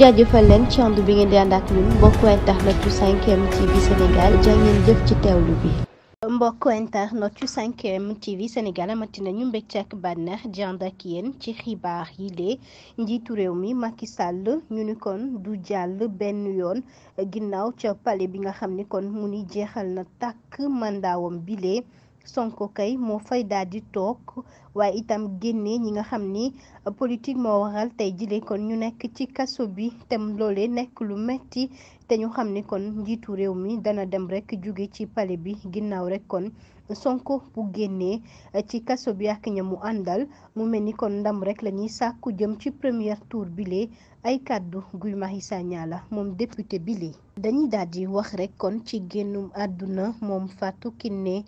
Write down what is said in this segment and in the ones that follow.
jaajëfal leen ci bi ngeen di ànd ak ñun mbokku internet yu TV Sénégal jàngeen jëf ci teewlu bi. mbokk internet yu 5M TV Sénégal amati nañu mbégte ak bànneex di ci xibaar yi lee njiitu réew mi Macky Sall ñu ni kon du jàll benn yoon ginnaaw ca palais bi nga xam ni kon mu ni jeexal na takk mandaawam bi lee Sonko kay moo fay daal di toog waaye itam génne ñi nga xam ni politique moo waral tey jile kon ñu nekk ci kaso bi te loolee nekk lu metti te ñu xam ni kon njiitu réew mi dana dem rekk jóge ci pale bi ginnaaw rek kon Sonko bu génnee eh, ci kaso bi mu àndal mu mel ni kon ndam rek lañuy sàkku jëm ci première tour bilee ay kàddu Guy Marius Sagna la moom député bile. dañuy daal di wax rek kon ci génnum àdduna moom Fatou Kiné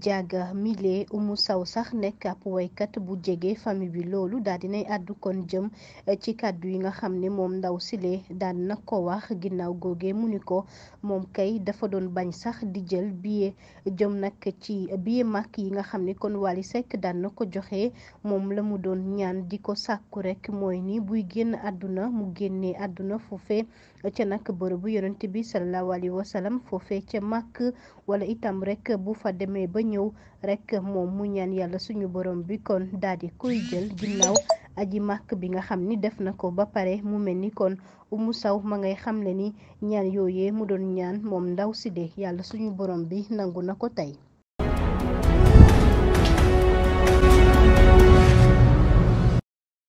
Diaga mile umu saw sax nekk ab waykat bu jege famille bi loolu daal dinay àddu kon jëm eh, ci kàddu yi nga xam ne moom ndaw sile daan na ko wax ginnaaw googee mu ni ko moom kay dafa doon bañ sax di jël billet jëm nag ci. ci màkk yi nga xam ne kon Wally Seck daan na ko joxe moom la mu doon ñaan di ko sàkku rekk mooy ni buy génn àdduna mu génne àdduna foofee ca nag bu yonent bi sallallahu alayhi wa sallam foofee ca màkk wala itam rek bu fa demee ba ñëw rek moom mu ñaan yàlla suñu borom bi kon daal koy jël ginnaaw aji màkk bi nga xam ni def na ko ba pare mu mel ni kon umu saw ma ngay xamle ni ñaan yooyee mu doon ñaan moom ndaw si de yàlla suñu borom bi nangu na ko tey